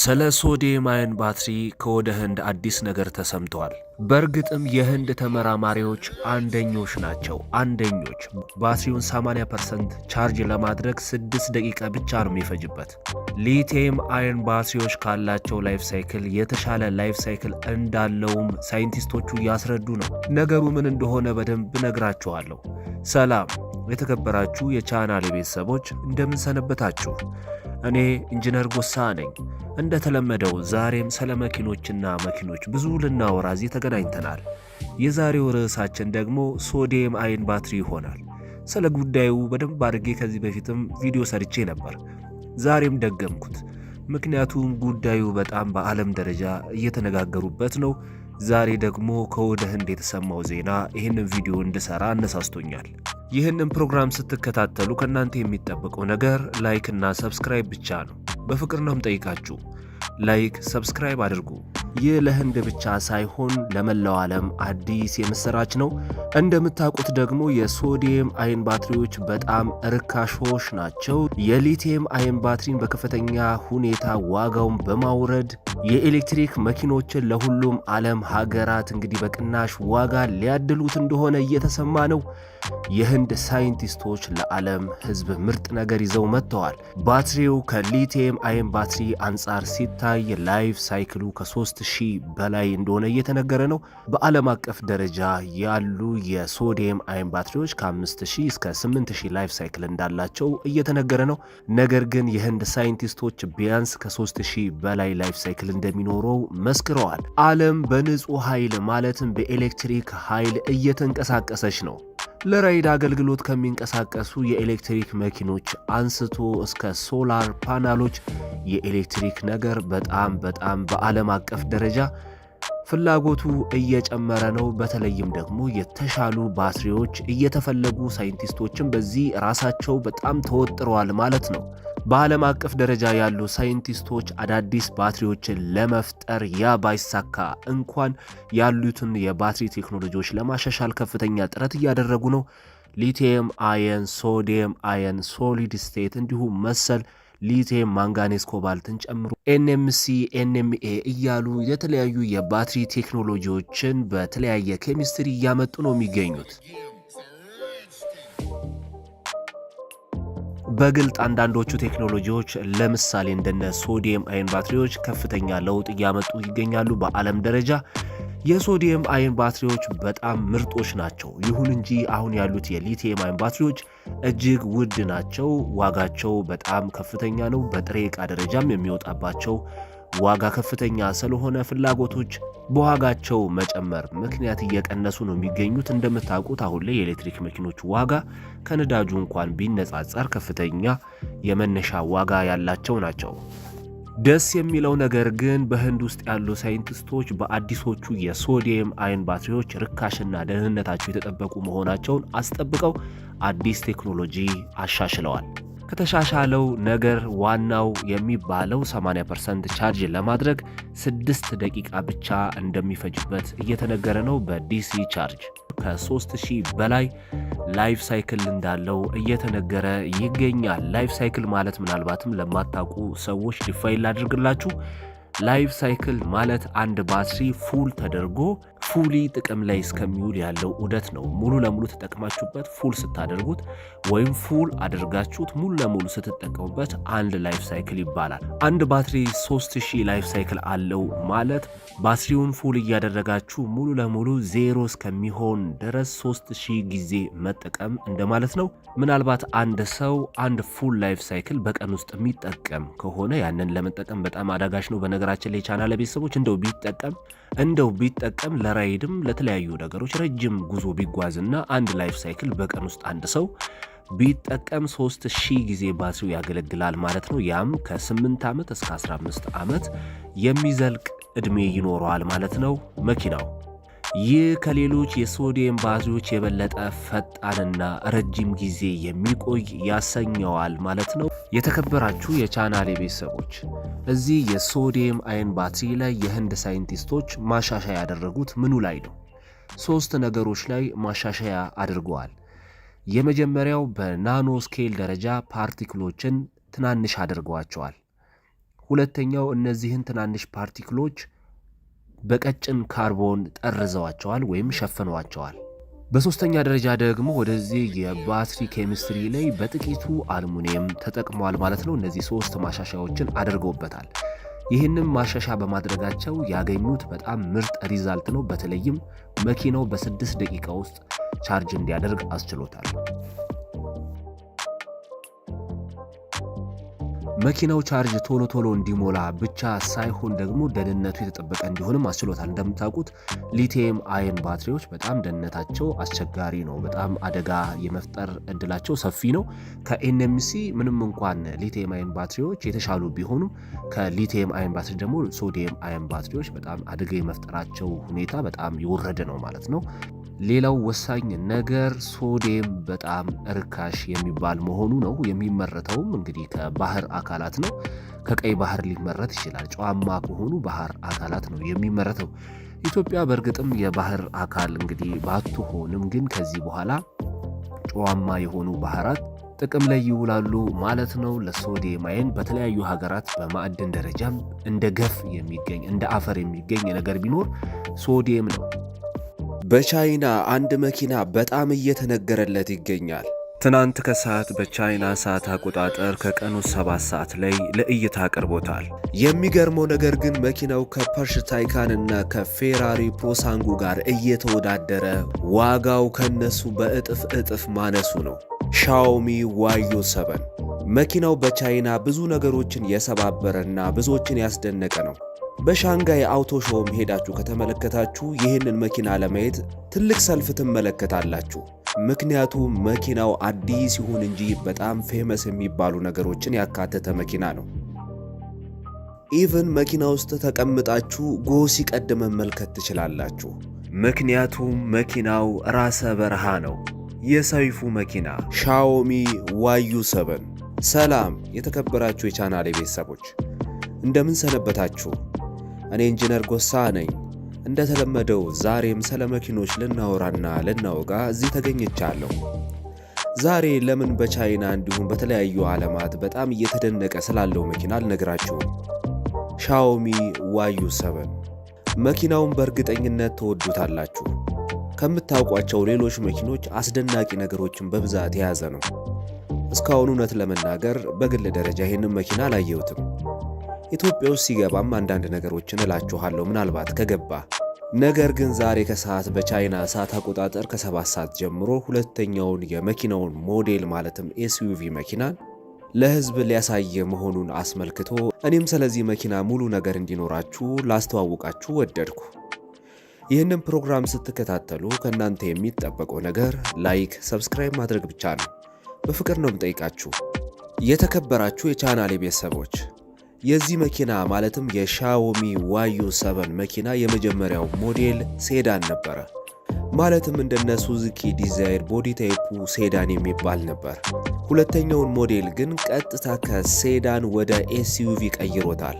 ስለ ሶዲየም አየን ባትሪ ከወደ ህንድ አዲስ ነገር ተሰምቷል። በእርግጥም የህንድ ተመራማሪዎች አንደኞች ናቸው። አንደኞች ባትሪውን 80 ፐርሰንት ቻርጅ ለማድረግ 6 ደቂቃ ብቻ ነው የሚፈጅበት። ሊቲየም አየን ባትሪዎች ካላቸው ላይፍ ሳይክል የተሻለ ላይፍ ሳይክል እንዳለውም ሳይንቲስቶቹ እያስረዱ ነው። ነገሩ ምን እንደሆነ በደንብ ነግራችኋለሁ። ሰላም የተከበራችሁ የቻናል ቤተሰቦች እንደምንሰነበታችሁ እኔ ኢንጂነር ጎሳ ነኝ። እንደተለመደው ዛሬም ስለ መኪኖችና መኪኖች ብዙ ልናወራ እዚህ ተገናኝተናል። የዛሬው ርዕሳችን ደግሞ ሶዲየም አይን ባትሪ ይሆናል። ስለ ጉዳዩ በደንብ አድርጌ ከዚህ በፊትም ቪዲዮ ሰርቼ ነበር፣ ዛሬም ደገምኩት። ምክንያቱም ጉዳዩ በጣም በዓለም ደረጃ እየተነጋገሩበት ነው። ዛሬ ደግሞ ከወደ ህንድ የተሰማው ዜና ይህንን ቪዲዮ እንድሰራ አነሳስቶኛል። ይህንን ፕሮግራም ስትከታተሉ ከእናንተ የሚጠበቀው ነገር ላይክ እና ሰብስክራይብ ብቻ ነው። በፍቅር ነው የምጠይቃችሁ። ላይክ ሰብስክራይብ አድርጉ። ይህ ለህንድ ብቻ ሳይሆን ለመላው ዓለም አዲስ የምሥራች ነው። እንደምታውቁት ደግሞ የሶዲየም አይን ባትሪዎች በጣም ርካሾች ናቸው። የሊቲየም አይን ባትሪን በከፍተኛ ሁኔታ ዋጋውን በማውረድ የኤሌክትሪክ መኪኖችን ለሁሉም ዓለም ሀገራት እንግዲህ በቅናሽ ዋጋ ሊያድሉት እንደሆነ እየተሰማ ነው። የህንድ ሳይንቲስቶች ለዓለም ህዝብ ምርጥ ነገር ይዘው መጥተዋል። ባትሪው ከሊቲየም አይን ባትሪ አንጻር ሲታይ ላይፍ ሳይክሉ ከ3 ሺህ በላይ እንደሆነ እየተነገረ ነው። በዓለም አቀፍ ደረጃ ያሉ የሶዲየም አይን ባትሪዎች ከ5000 እስከ 8000 ላይፍ ሳይክል እንዳላቸው እየተነገረ ነው። ነገር ግን የህንድ ሳይንቲስቶች ቢያንስ ከ3000 በላይ ላይፍ ሳይክል እንደሚኖረው መስክረዋል። ዓለም በንጹህ ኃይል ማለትም በኤሌክትሪክ ኃይል እየተንቀሳቀሰች ነው። ለራይድ አገልግሎት ከሚንቀሳቀሱ የኤሌክትሪክ መኪኖች አንስቶ እስከ ሶላር ፓናሎች የኤሌክትሪክ ነገር በጣም በጣም በዓለም አቀፍ ደረጃ ፍላጎቱ እየጨመረ ነው። በተለይም ደግሞ የተሻሉ ባትሪዎች እየተፈለጉ ሳይንቲስቶችም በዚህ ራሳቸው በጣም ተወጥረዋል ማለት ነው። በዓለም አቀፍ ደረጃ ያሉ ሳይንቲስቶች አዳዲስ ባትሪዎችን ለመፍጠር ያ ባይሳካ እንኳን ያሉትን የባትሪ ቴክኖሎጂዎች ለማሻሻል ከፍተኛ ጥረት እያደረጉ ነው። ሊቲየም አየን፣ ሶዲየም አየን፣ ሶሊድ ስቴት እንዲሁም መሰል ሊቲየም ማንጋኔስ ኮባልትን ጨምሮ ኤንኤምሲ ኤንኤምኤ እያሉ የተለያዩ የባትሪ ቴክኖሎጂዎችን በተለያየ ኬሚስትሪ እያመጡ ነው የሚገኙት። በግልጥ አንዳንዶቹ ቴክኖሎጂዎች ለምሳሌ እንደነ ሶዲየም አይን ባትሪዎች ከፍተኛ ለውጥ እያመጡ ይገኛሉ። በዓለም ደረጃ የሶዲየም አይን ባትሪዎች በጣም ምርጦች ናቸው። ይሁን እንጂ አሁን ያሉት የሊቲየም አይን ባትሪዎች እጅግ ውድ ናቸው። ዋጋቸው በጣም ከፍተኛ ነው። በጥሬ ዕቃ ደረጃም የሚወጣባቸው ዋጋ ከፍተኛ ስለሆነ ፍላጎቶች በዋጋቸው መጨመር ምክንያት እየቀነሱ ነው የሚገኙት። እንደምታውቁት አሁን ላይ የኤሌክትሪክ መኪኖች ዋጋ ከነዳጁ እንኳን ቢነጻጸር ከፍተኛ የመነሻ ዋጋ ያላቸው ናቸው። ደስ የሚለው ነገር ግን በህንድ ውስጥ ያሉ ሳይንቲስቶች በአዲሶቹ የሶዲየም አይን ባትሪዎች ርካሽና ደህንነታቸው የተጠበቁ መሆናቸውን አስጠብቀው አዲስ ቴክኖሎጂ አሻሽለዋል። ከተሻሻለው ነገር ዋናው የሚባለው 80% ቻርጅ ለማድረግ 6 ደቂቃ ብቻ እንደሚፈጅበት እየተነገረ ነው። በዲሲ ቻርጅ ከ3000 በላይ ላይፍ ሳይክል እንዳለው እየተነገረ ይገኛል። ላይፍ ሳይክል ማለት ምናልባትም ለማታውቁ ሰዎች ዲፋይል ላድርግላችሁ። ላይፍ ሳይክል ማለት አንድ ባትሪ ፉል ተደርጎ ፉሊ ጥቅም ላይ እስከሚውል ያለው ዑደት ነው። ሙሉ ለሙሉ ተጠቅማችሁበት ፉል ስታደርጉት ወይም ፉል አድርጋችሁት ሙሉ ለሙሉ ስትጠቀሙበት አንድ ላይፍ ሳይክል ይባላል። አንድ ባትሪ 3000 ላይፍ ሳይክል አለው ማለት ባትሪውን ፉል እያደረጋችሁ ሙሉ ለሙሉ ዜሮ እስከሚሆን ድረስ 3000 ጊዜ መጠቀም እንደማለት ነው። ምናልባት አንድ ሰው አንድ ፉል ላይፍ ሳይክል በቀን ውስጥ የሚጠቀም ከሆነ ያንን ለመጠቀም በጣም አዳጋች ነው። በነገራችን ላይ ቻናል ቤተሰቦች እንደው ቢጠቀም እንደው ቢጠቀም ለራይድም ለተለያዩ ነገሮች ረጅም ጉዞ ቢጓዝና አንድ ላይፍ ሳይክል በቀን ውስጥ አንድ ሰው ቢጠቀም 3000 ጊዜ ባትሪው ያገለግላል ማለት ነው። ያም ከ8 ዓመት እስከ 15 ዓመት የሚዘልቅ እድሜ ይኖረዋል ማለት ነው መኪናው ይህ ከሌሎች የሶዲየም ባዞች የበለጠ ፈጣንና ረጅም ጊዜ የሚቆይ ያሰኘዋል ማለት ነው። የተከበራችሁ የቻናሌ ቤተሰቦች እዚህ የሶዲየም አይን ባትሪ ላይ የህንድ ሳይንቲስቶች ማሻሻያ ያደረጉት ምኑ ላይ ነው? ሶስት ነገሮች ላይ ማሻሻያ አድርገዋል። የመጀመሪያው በናኖ ስኬል ደረጃ ፓርቲክሎችን ትናንሽ አድርገዋቸዋል። ሁለተኛው እነዚህን ትናንሽ ፓርቲክሎች በቀጭን ካርቦን ጠርዘዋቸዋል ወይም ሸፍነዋቸዋል። በሶስተኛ ደረጃ ደግሞ ወደዚህ የባትሪ ኬሚስትሪ ላይ በጥቂቱ አልሙኒየም ተጠቅመዋል ማለት ነው። እነዚህ ሶስት ማሻሻያዎችን አድርገውበታል። ይህንም ማሻሻያ በማድረጋቸው ያገኙት በጣም ምርጥ ሪዛልት ነው። በተለይም መኪናው በስድስት ደቂቃ ውስጥ ቻርጅ እንዲያደርግ አስችሎታል። መኪናው ቻርጅ ቶሎ ቶሎ እንዲሞላ ብቻ ሳይሆን ደግሞ ደህንነቱ የተጠበቀ እንዲሆንም አስችሎታል። እንደምታውቁት ሊቲየም አየን ባትሪዎች በጣም ደህንነታቸው አስቸጋሪ ነው። በጣም አደጋ የመፍጠር እድላቸው ሰፊ ነው። ከኤንኤምሲ ምንም እንኳን ሊቲየም አየን ባትሪዎች የተሻሉ ቢሆኑም ከሊቲየም አየን ባትሪ ደግሞ ሶዲየም አየን ባትሪዎች በጣም አደጋ የመፍጠራቸው ሁኔታ በጣም የወረደ ነው ማለት ነው። ሌላው ወሳኝ ነገር ሶዴም በጣም እርካሽ የሚባል መሆኑ ነው። የሚመረተውም እንግዲህ ከባህር አካላት ነው። ከቀይ ባህር ሊመረት ይችላል። ጨዋማ ከሆኑ ባህር አካላት ነው የሚመረተው። ኢትዮጵያ በእርግጥም የባህር አካል እንግዲህ ባትሆንም ግን ከዚህ በኋላ ጨዋማ የሆኑ ባህራት ጥቅም ላይ ይውላሉ ማለት ነው። ለሶዲየም አይን በተለያዩ ሀገራት በማዕድን ደረጃም እንደ ገፍ የሚገኝ እንደ አፈር የሚገኝ ነገር ቢኖር ሶዴም ነው። በቻይና አንድ መኪና በጣም እየተነገረለት ይገኛል። ትናንት ከሰዓት በቻይና ሰዓት አቆጣጠር ከቀኑ 7 ሰዓት ላይ ለእይታ አቅርቦታል። የሚገርመው ነገር ግን መኪናው ከፐርሽ ታይካን እና ከፌራሪ ፖሳንጉ ጋር እየተወዳደረ ዋጋው ከነሱ በእጥፍ እጥፍ ማነሱ ነው። ሻውሚ ዋዮ 7 መኪናው በቻይና ብዙ ነገሮችን የሰባበረና ብዙዎችን ያስደነቀ ነው። በሻንጋይ አውቶ ሾውም ሄዳችሁ ከተመለከታችሁ ይህንን መኪና ለማየት ትልቅ ሰልፍ ትመለከታላችሁ። ምክንያቱም መኪናው አዲስ ይሁን እንጂ በጣም ፌመስ የሚባሉ ነገሮችን ያካተተ መኪና ነው። ኢቭን መኪና ውስጥ ተቀምጣችሁ ጎ ሲቀድ መመልከት ትችላላችሁ። ምክንያቱም መኪናው ራሰ በረሃ ነው። የሰይፉ መኪና ሻኦሚ ዋዩ ሰበን። ሰላም የተከበራችሁ የቻናሌ ቤተሰቦች እንደምን ሰነበታችሁ? እኔ ኢንጂነር ጎሳ ነኝ። እንደተለመደው ዛሬም ስለ መኪኖች ልናወራና ልናወጋ እዚህ ተገኝቻለሁ። ዛሬ ለምን በቻይና እንዲሁም በተለያዩ ዓለማት በጣም እየተደነቀ ስላለው መኪና አልነግራችሁም። ሻኦሚ ዋዩ 7 መኪናውን በእርግጠኝነት ትወዱታላችሁ። ከምታውቋቸው ሌሎች መኪኖች አስደናቂ ነገሮችን በብዛት የያዘ ነው። እስካሁን እውነት ለመናገር በግል ደረጃ ይህንን መኪና አላየሁትም። ኢትዮጵያ ውስጥ ሲገባም አንዳንድ ነገሮችን እላችኋለሁ ምናልባት ከገባ። ነገር ግን ዛሬ ከሰዓት በቻይና ሰዓት አቆጣጠር ከሰባት ሰዓት ጀምሮ ሁለተኛውን የመኪናውን ሞዴል ማለትም ኤስዩቪ መኪናን ለህዝብ ሊያሳየ መሆኑን አስመልክቶ እኔም ስለዚህ መኪና ሙሉ ነገር እንዲኖራችሁ ላስተዋውቃችሁ ወደድኩ። ይህንን ፕሮግራም ስትከታተሉ ከእናንተ የሚጠበቀው ነገር ላይክ፣ ሰብስክራይብ ማድረግ ብቻ ነው። በፍቅር ነው የምጠይቃችሁ። የተከበራችሁ የቻናሌ ቤተሰቦች የዚህ መኪና ማለትም የሻዎሚ ዋዩ ሰቨን መኪና የመጀመሪያው ሞዴል ሴዳን ነበረ። ማለትም እንደነ ሱዙኪ ዲዛይር ቦዲ ታይፑ ሴዳን የሚባል ነበር። ሁለተኛውን ሞዴል ግን ቀጥታ ከሴዳን ወደ ኤስዩቪ ቀይሮታል።